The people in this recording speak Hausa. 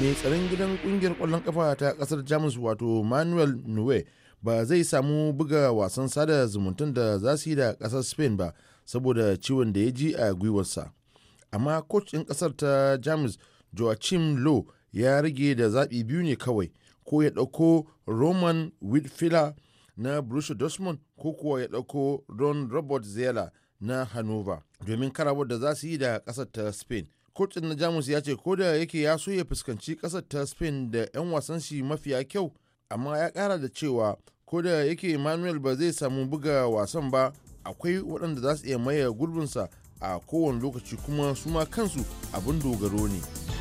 mai tsaron gidan kungiyar kwallon kafa ta kasar jamus wato manuel nue ba zai samu buga wasan sada zumuntun da za su yi da kasar spain ba saboda ciwon da ya ji a gwiwarsa amma kocin kasar ta jamus joachim lo ya rage da zaɓi biyu ne kawai ko ya ɗauko roman whitfield na borussia dortmund ko kuwa ya ɗauko don robert zela na hannover domin karawar da za su yi da ƙasar ta spain kotun na jamus ya ce ko da yake ya so ya fuskanci kasar ta spain da 'yan wasan shi mafiya kyau amma ya kara da cewa ko da yake manuel ba zai samu buga wasan ba akwai waɗanda za su iya maye gurbinsa a kowane lokaci kuma su ma kansu abin dogaro ne.